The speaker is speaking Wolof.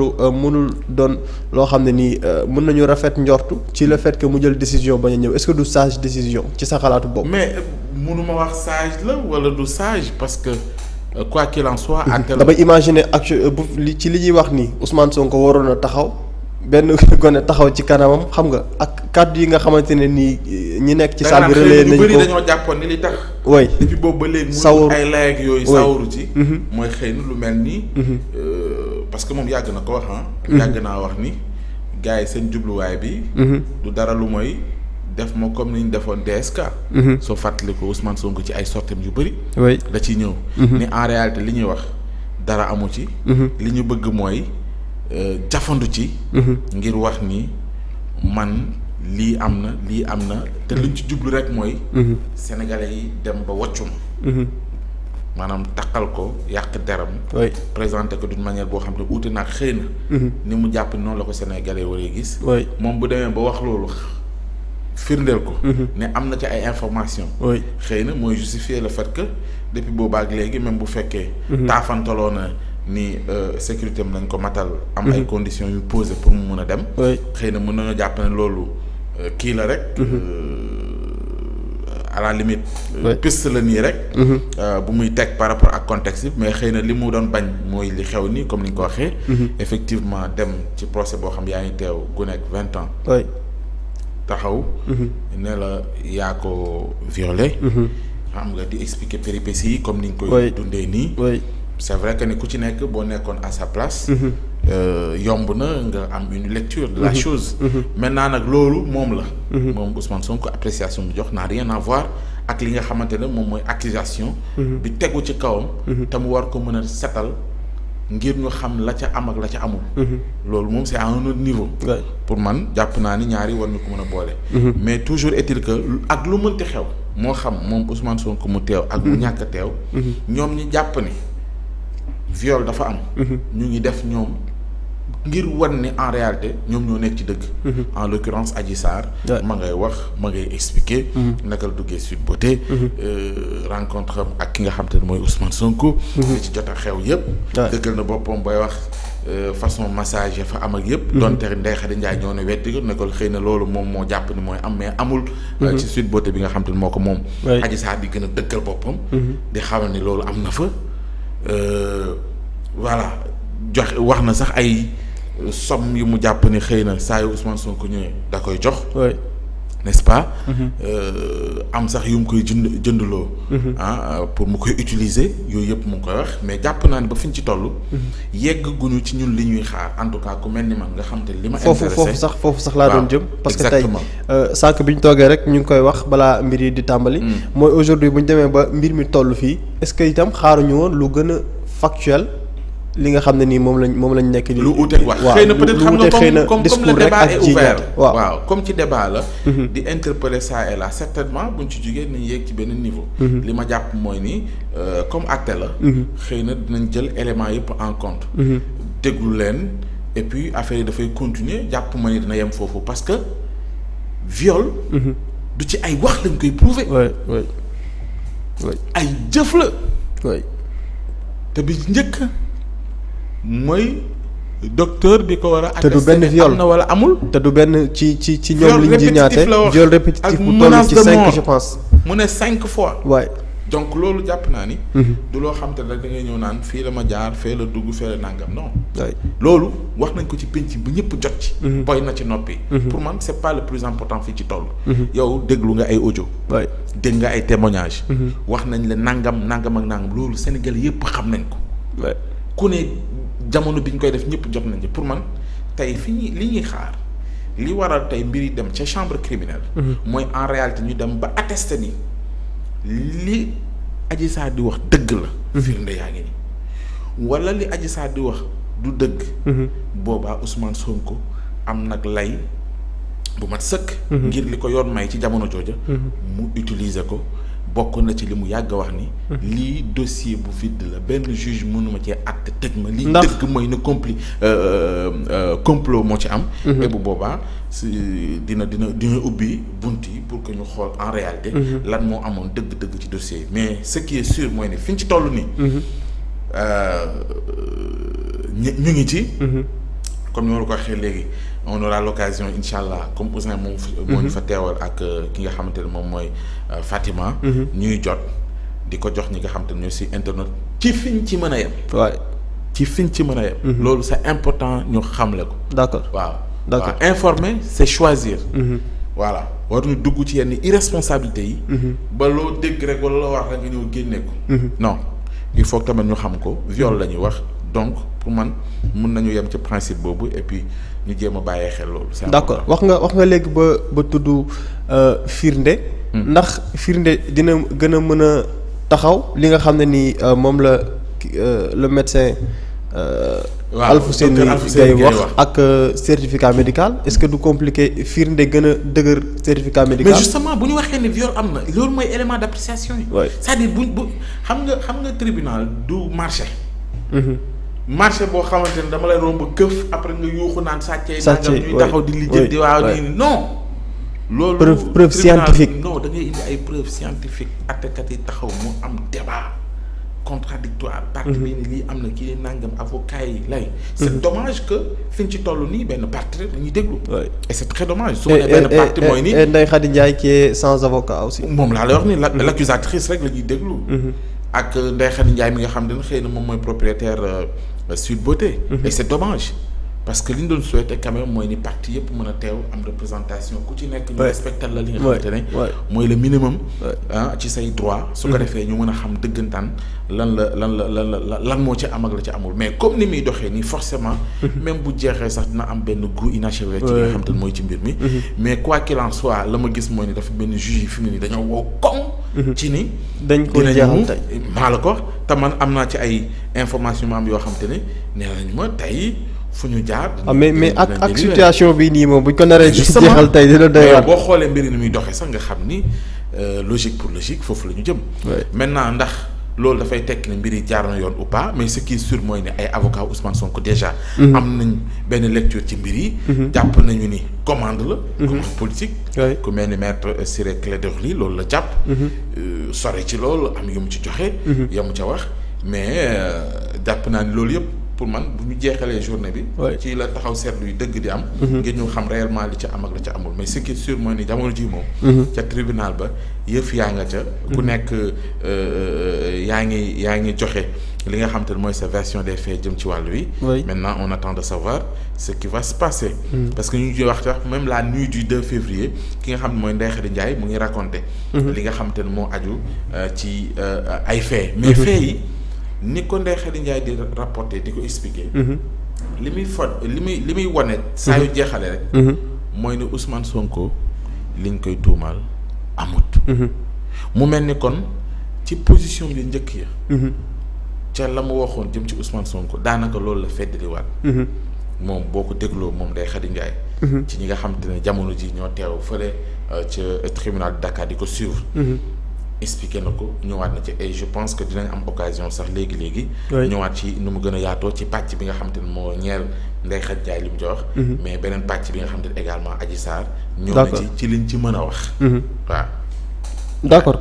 loolu euh, mënul doon loo xam ne nii euh, mun nañu rafet njortu ci le fait que mu jël décision bañ a ñëw est-ce que du sage décision ci sa xalaatu bopp. mais euh, munu ma wax sage la wala du sage parce que. quoi qu'il en soit. àtte mhm. ak damay imaginer ci li ñuy wax nii Ousmane Sonko waroon a taxaw benn gone taxaw ci kanamam xam nga ak kàddu yi nga xamante ne nii ñi nekk ci salle bi relayé nañ ko dañoo jàppoon ni li tax. oui depuis boobu ba yooyu sawru mhm. mooy xëy na lu mel nii. Mhm. parce que moom yàgg na ko wax ah. yàgg naa wax ni gars yi seen jubluwaay bi. Mhm. du dara lu mooy def ma comme ni ñu defoon DSK. Mhm. soo fàttali ko Ousmane Sonko ci ay sortem yu bëri. oui da ciy ñëw. ni en réalité li ñuy wax dara amu ci. li ñu bëgg mooy euh, jafandu ci. ngir wax ni man lii am na lii am na. te liñ ci jublu rek mooy. sénégalais yi dem ba wàccu maanaam taqal ko yàq deram présenté ko d'une manière boo xam ne uuti naag xëy na mhm. ni mu jàpp noonu la ko sénégalais waree gis moom bu demee ba wax loolu firndeel ko mhm. ne am na ci ay information xëy na mooy justifier le fait que depuis boobaak léegi même bu fekkee mhm. taafantaloo na ni euh, sécurité am nañ ko matal am ay conditions yu posées pour mu mën a dem xëy na mën nañoo jàpp ne loolu euh, kii la rek euh, à la limite. Euh, piste la nii rek. Mhm. Euh, bu muy teg par rapport ak contexte bi mais xëy na li mu doon bañ mooy li xew nii comme li nga ko waxee. Mhm. effectivement dem ci procès boo xam yaa ngi teew gu nekk vingt ans. taxaw. Mhm. ne la yaa ko violé. xam nga di expliquer péripéties yi comme ni nga koy. dundee nii. c'est vrai que ni ku ci nekk boo nekkoon à sa place. Euh, yomb na nga am une lecture de la mhm. chose mhm. maintenant nag loolu moom la mhm. moom Ousmane Sonko appréciation bi jox naa rien à voir ak li nga xamante ne moom mooy accusation bi tegu ci kawam te mu war ko mën a setal ngir ñu xam la ca am ak la ca amul loolu moom c'est à un niveau pour man jàpp naa ne ñaari war ñu ko mën a boole mais toujours est-il que ak lu mënti xew moo xam moom Ousmane Sonko mu teew ak mu ñàkk teew ñoom ñi jàpp ni viol dafa am ñu ngi def ñoom ngir wan ne en réalité ñoom ñoo nekk ci dëgg. Mhm. en l'occurrence Adji Sarr. ma ngay wax ma ngay expliquer. Mhm. naka la duggee Sweet Beauté. Mhm. Euh, rencontre am ak ki nga xam te ne mooy Ousmane Sonko. li ci jot a xew yëpp. dëggal na boppam bay wax euh, façon massage ya fa am ak yëpp. donte Ndeye Khady Ndiaye ñoo ne weddi ko ne ko xëy na loolu moom moo jàpp ni mooy am mais amul. Euh, ci Sweet Beauté bi nga xam te ne moo ko moom. Adji Sarr di gën a dëggal boppam. di xamal ni loolu am na fa voilà. wax na sax ay some yu mu jàpp ne xëy na saa yu Ousmane ko ñëwee da koy jox. n'est-ce pas. Mm-hmm. Euh, sax yu mu koy jënd jëndloo. Mm-hmm. ah euh, pour mu koy utiliser yooyu yëpp mu ngi koy wax mais jàpp naa ne ba fi ñu ci toll. Mm-hmm. yegg guñu ci ñun li ñuy xaar en tout cas ku mel ni man nga xam te li ma. intéressé foofu sax foofu sax laa doon jëm. parce que tey euh, sànq bi ñu toogee rek ñu ngi koy wax balaa mbir yi di tàmbali. Mm. mooy aujourd'hui bu ñu demee ba mbir mi toll fii. est-ce que itam xaaruñu woon lu gën a li nga xam ne nii moom lañ moom lañu nekk. lu uteeg wax xëy na peut-être xam nga comme comme comme le débat est ouvert waaw comme ci débat la. Mm-hmm. di interpeller ça et là certainement buñ ci jugee dinañ yéeg mm-hmm. ma jàpp mooy ni euh, comme acte la. Mm-hmm. xëy na dinañ jël élément yëpp en compte. déglu leen et puis affaire yi dafay continuer jàpp ma ni dina yem foofu parce que viol. du ci ay wax lañ koy prouver. ay jëf la. te bi njëkk. mooy docteur bi ko war a. te du benn na wala amul. te du benn ci ci ci ñoom. liñ ji ñaate viol répétitif bu toll ci cinq je pense mu ne cinq fois. waay donc loolu jàpp naa ni. Mhm. du loo xam ne rek da ngay ñëw naan fii la ma jaar fee la dugg fee la nangam non. loolu wax nañ ko ci penc bu ñëpp jot ci. Mhm. boy na ci noppi. Mhm. pour man c'est pas le plus important fii ci toll. yow déglu nga ay audio. waay dégg nga ay témoignages. wax nañ la nangam nangam ak nangam loolu Sénégal yëpp xam nañ ko. ku ne jamono bi ñu koy def ñëpp jot nañu pour man tey fi ñuy li ñuy xaar li waral tey mbir dem ca chambre criminelle mhm. mooy en réalité ñu dem ba attesté ni li aji Sarr di wax dëgg la mhm. firnde yaa ngi nii wala li Adji Sarr di wax du dëgg mhm. boobaa Ousmane ko am nag lay bu mat sëkk ngir li ko yoon may ci jamono jooja mu utiliser ko bokk na ci li mu yàgg wax ni. Mmh. lii dossier bu vide la benn juge mënuma cee àtte tëj ma. lii dëgg mooy ne compli euh, euh, euh, complot moo ci am. te mmh. bu boobaa si dina dina dina ubbi bunt yi pour que ñu xool en réalité. Mmh. lan moo amoon dëgg-dëgg ci dossier mais ce qui est sûr mooy ne fi ñu ci toll nii. ñu ngi ci. comme ni ma ko waxee léegi on aura l'occasion incha allah comme Ousseyn moom. moo ñu mhm. fa teewal ak euh, ki nga xamante ne moom mooy euh, Fatima. Mhm. ñuy jot di ko jox ñi nga xamante ni ñoo si internet ci fiñ ci mën a yem. waaw ci fiñ ci mën a yem. Mhm. loolu c'est important ñu xamle ko. d'accord waaw. d'accord informer c'est choisir. voilà waruñu dugg ci yenn irresponsabilité yi. ba loo dégg rek wala loo wax rek nga ñëw génne ko. non il faut que tamit ñu xam ko viol la ñuy wax. donc pour man mun nañu yem ci principe boobu et puis ñu jéem a bàyyee xel loolu. d'accord wax nga wax nga léegi ba ba tudd euh, firnde. Hmm. ndax firnde dina gën a mën a taxaw li nga xam ne nii euh, moom la euh, le médecin. waaw Alfousseyni Gaye wax ak certificat médical est-ce que du compliqué firnde gën a dëgër certificat médical. mais justement bu ñu waxee ne viol am na loolu mooy élément d'appréciation yi. c'est-à-dire buñ bu xam nga xam nga tribunal du marché. Mm-hmm. marché boo xamante ne dama lay romb këf après nga yuuxu naan sàccee. sàccee ñuy taxaw di lijjanti waaw nii non. loolu preuve preuve scientifique non da indi ay preuve scientifique àttekat yi taxaw mu am débat. contradictoire mhm. parti bi ni lii am na kii nangam avocat yi lay c'est mhm. dommage que fi ci toll nii benn parti rek la ñuy déglu et c'est très dommage su ma nee benn parti mooy nii Ndeye Khady Ndiaye qui est sans avocat aussi moom laa lay wax ni mhm. l'accusatrice la ñuy déglu ak Ndeye Khady mi nga xam ne xëy na moom mooy propriétaire euh, Sweet Beauté. Mhm. et c' est dommage parce que li ñu doon souhaité quand mooy ni parti yëpp mën a teew am représentation ku ci nekk. ñu respectal la li nga xamante ne. mooy le minimum. Ah, ci say droit su ko mhm. defee ñu mën a xam dëggantaan lan la lan la lan la moo ci am la ci amul mais comme ni muy doxee nii forcément. Mhm. même bu jeexee sax dina am benn goût inachevé. ci li nga xamante ne mooy ci mbir mi. mais quoi qu'il la ma gis mooy ni dafa benn juge yi fi nii dañoo Mhm. ci ni. dañ ko jeexal tey maa la ko te man am naa ci ay information ma am yoo xam ne nee nañ ma tey fu ñu jaar. Ah, mais mais ak ak situation bi nii moom buñ ñu ko naree. ci ah, jeexal tey dina boo xoolee mbiri ni muy doxe sax nga xam ni euh, logique pour logique foofu la ñu jëm. maintenant ndax. loolu dafay tekki ne mbir yi jaar na yoon ou pas mais ce qui est sûr mooy ne ay avocat son Sonko déjà. Mhm. am nañ benn lecture ci mbir yi. Mhm. jàpp nañu ni commande la. Mhm. commande politique. ku mel ni maître Ciré Clédor Ly loolu la jàpp. Euh, sore ci loolu am yu mu ci joxe. yu mu ca wax mais euh, jàpp naa ni loolu yëpp. pour man bu ñu jeexalee journée bi. ci la taxaw seetlu yu dëgg di am. Mhm. ngir ñu xam réellement li ca am ak la ca amul mais ce qui est mooy ni jamono ji moom. Mhm. ca tribunal ba yëf yaa nga ca. ku mhm. nekk euh, yaa ngi yaa ngi joxe. li nga xam te ne mooy sa version des faits jëm ci wàll wi maintenant on attend de savoir ce qui va se passer parce que ñu ngi wax sax même la nuit du 2 février ki nga xam ne mooy Ndeye Khady Ndiaye mu ngi raconté li nga xam te ne moo aju euh, ci euh, ay faits ni ko Ndeye Khady Ndiaye di rapporté di ko expliqué. Mhm. li muy fa li muy li muy wane. saa yu mhm. jeexale rek. Mhm. mooy ne Ousmane Sonko liñ koy tuumaal amut. mu mel ni kon ci position bi njëkk ya. ca la mu waxoon jëm ci Ousmane Sonko daanaka loolu la feddaliwaat. moom boo ko dégloo moom Ndeye Khady Ndiaye. ci ñi nga xam te ne jamono ji ñoo teew fële euh, ca tribunal Dakar di ko suivre. expliqué na ko ñëwaat na ci et je pense que dinañ am occasion sax léegi léegi. ñëwaat ci nu mu gën a yaatoo ci pàcc bi nga xam te ne moo ñeel Ndeye Khady Ndiaye li mu wax. mais beneen pàcc bi nga xam te ne également Adji Sarr. ñëw na ci ci liñ ci mën a wax. Mhm. waaw d'accord